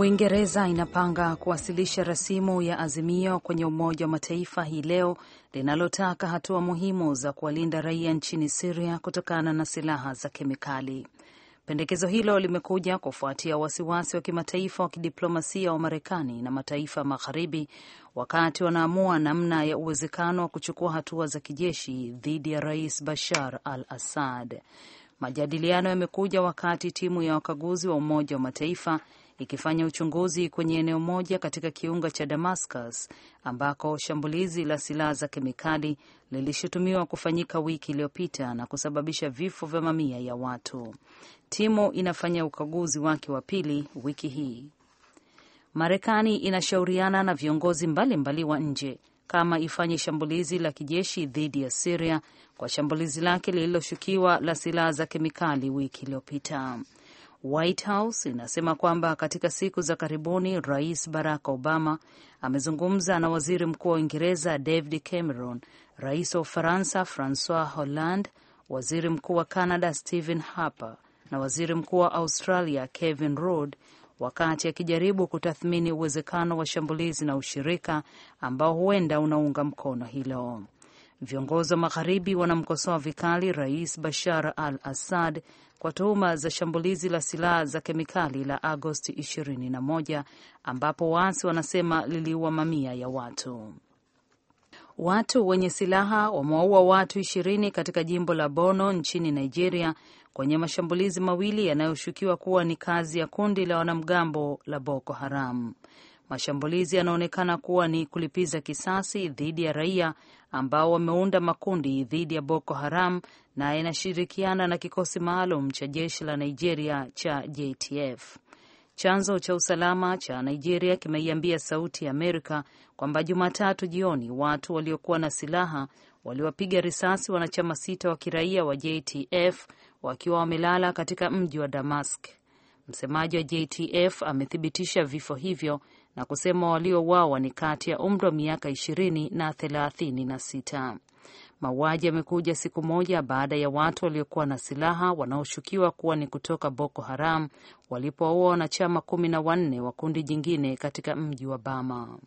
Uingereza inapanga kuwasilisha rasimu ya azimio kwenye Umoja wa Mataifa hii leo linalotaka hatua muhimu za kuwalinda raia nchini Siria kutokana na silaha za kemikali. Pendekezo hilo limekuja kufuatia wasiwasi wa kimataifa wa kidiplomasia wa Marekani na mataifa magharibi wakati wanaamua namna ya uwezekano wa kuchukua hatua za kijeshi dhidi ya Rais Bashar al Assad. Majadiliano yamekuja wakati timu ya wakaguzi wa Umoja wa Mataifa ikifanya uchunguzi kwenye eneo moja katika kiunga cha Damascus ambako shambulizi la silaha za kemikali lilishutumiwa kufanyika wiki iliyopita na kusababisha vifo vya mamia ya watu. Timu inafanya ukaguzi wake wa pili wiki hii. Marekani inashauriana na viongozi mbalimbali wa nje kama ifanye shambulizi la kijeshi dhidi ya Siria kwa shambulizi lake lililoshukiwa la silaha za kemikali wiki iliyopita. White House inasema kwamba katika siku za karibuni Rais Barack Obama amezungumza na Waziri Mkuu wa Uingereza David Cameron, Rais wa Ufaransa Francois Hollande, Waziri Mkuu wa Canada Stephen Harper na Waziri Mkuu wa Australia Kevin Rudd wakati akijaribu kutathmini uwezekano wa shambulizi na ushirika ambao huenda unaunga mkono hilo. Viongozi wa Magharibi wanamkosoa vikali Rais Bashar al Assad kwa tuhuma za shambulizi la silaha za kemikali la Agosti 21 ambapo waasi wanasema liliua mamia ya watu. Watu wenye silaha wamewaua watu ishirini katika jimbo la bono nchini Nigeria kwenye mashambulizi mawili yanayoshukiwa kuwa ni kazi ya kundi la wanamgambo la Boko Haram. Mashambulizi yanaonekana kuwa ni kulipiza kisasi dhidi ya raia ambao wameunda makundi dhidi ya Boko Haram na yanashirikiana na kikosi maalum cha jeshi la Nigeria cha JTF. Chanzo cha usalama cha Nigeria kimeiambia Sauti ya Amerika kwamba Jumatatu jioni watu waliokuwa na silaha waliwapiga risasi wanachama sita wa kiraia wa JTF wakiwa wamelala katika mji wa Damask. Msemaji wa JTF amethibitisha vifo hivyo na kusema waliouawa ni kati ya umri wa miaka ishirini na thelathini na sita. Mauaji yamekuja siku moja baada ya watu waliokuwa na silaha wanaoshukiwa kuwa ni kutoka Boko Haram walipoaua wanachama kumi na wanne wa kundi jingine katika mji wa Bama.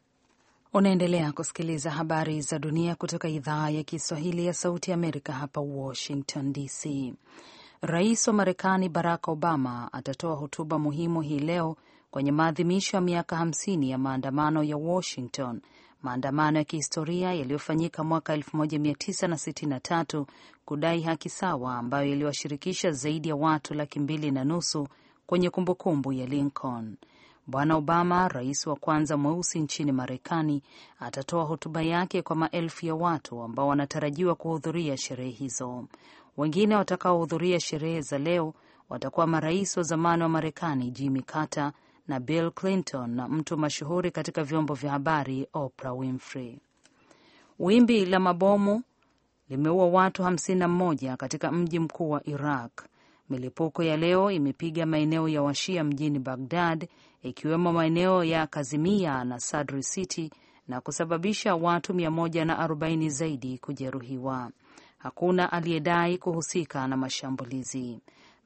Unaendelea kusikiliza habari za dunia kutoka idhaa ya Kiswahili ya Sauti ya Amerika, hapa Washington DC. Rais wa Marekani Barack Obama atatoa hotuba muhimu hii leo kwenye maadhimisho ya miaka hamsini ya maandamano ya Washington, maandamano ya kihistoria yaliyofanyika mwaka 1963 kudai haki sawa, ambayo yaliwashirikisha zaidi ya watu laki mbili na nusu kwenye kumbukumbu ya Lincoln. Bwana Obama, rais wa kwanza mweusi nchini Marekani, atatoa hotuba yake kwa maelfu ya watu ambao wanatarajiwa kuhudhuria sherehe hizo. Wengine watakaohudhuria sherehe za leo watakuwa marais wa zamani wa Marekani Jimmy Carter, na Bill Clinton na mtu mashuhuri katika vyombo vya habari Oprah Winfrey. Wimbi la mabomu limeua watu 51 katika mji mkuu wa Iraq. Milipuko ya leo imepiga maeneo ya Washia mjini Bagdad, ikiwemo maeneo ya Kazimia na Sadri City na kusababisha watu 140 zaidi kujeruhiwa. Hakuna aliyedai kuhusika na mashambulizi.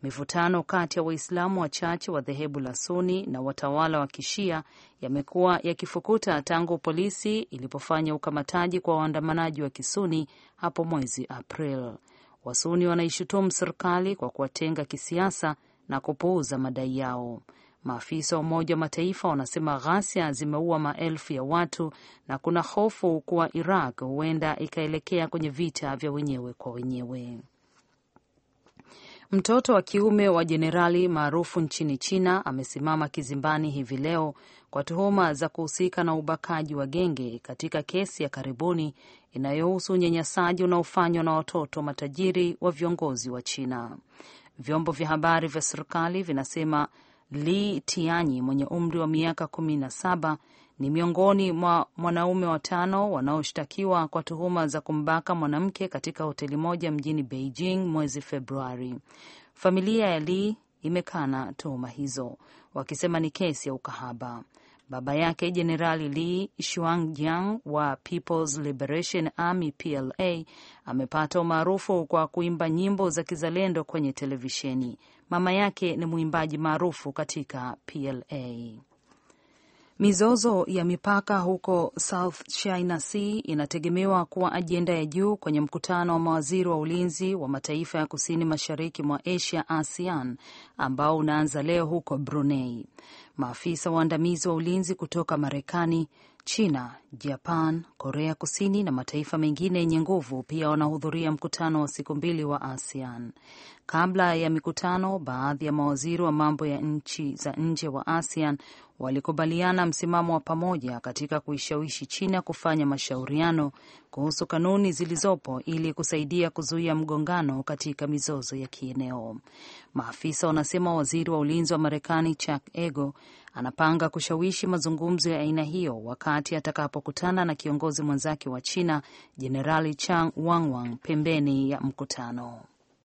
Mivutano kati ya Waislamu wachache wa dhehebu la Suni na watawala wa Kishia yamekuwa yakifukuta tangu polisi ilipofanya ukamataji kwa waandamanaji wa Kisuni hapo mwezi April. Wasuni wanaishutumu serikali kwa kuwatenga kisiasa na kupuuza madai yao. Maafisa wa Umoja wa Mataifa wanasema ghasia zimeua maelfu ya watu na kuna hofu kuwa Iraq huenda ikaelekea kwenye vita vya wenyewe kwa wenyewe. Mtoto wa kiume wa jenerali maarufu nchini China amesimama kizimbani hivi leo kwa tuhuma za kuhusika na ubakaji wa genge katika kesi ya karibuni inayohusu unyanyasaji unaofanywa na watoto matajiri wa viongozi wa China. Vyombo vya habari vya serikali vinasema Li Tianyi mwenye umri wa miaka kumi na saba ni miongoni mwa mwanaume watano wanaoshtakiwa kwa tuhuma za kumbaka mwanamke katika hoteli moja mjini Beijing mwezi Februari. Familia ya Li imekana tuhuma hizo, wakisema ni kesi ya ukahaba. Baba yake Jenerali Li Shuangjiang wa People's Liberation Army PLA amepata umaarufu kwa kuimba nyimbo za kizalendo kwenye televisheni. Mama yake ni mwimbaji maarufu katika PLA. Mizozo ya mipaka huko South China Sea inategemewa kuwa ajenda ya juu kwenye mkutano wa mawaziri wa ulinzi wa mataifa ya kusini mashariki mwa Asia, ASEAN, ambao unaanza leo huko Brunei. Maafisa waandamizi wa ulinzi kutoka Marekani, China, Japan, Korea Kusini na mataifa mengine yenye nguvu pia wanahudhuria mkutano wa siku mbili wa ASEAN. Kabla ya mikutano, baadhi ya mawaziri wa mambo ya nchi za nje wa ASEAN walikubaliana msimamo wa pamoja katika kuishawishi China kufanya mashauriano kuhusu kanuni zilizopo ili kusaidia kuzuia mgongano katika mizozo ya kieneo. Maafisa wanasema waziri wa ulinzi wa Marekani Chuck Ego anapanga kushawishi mazungumzo ya aina hiyo wakati atakapokutana na kiongozi mwenzake wa China Jenerali Chang Wangwang pembeni ya mkutano.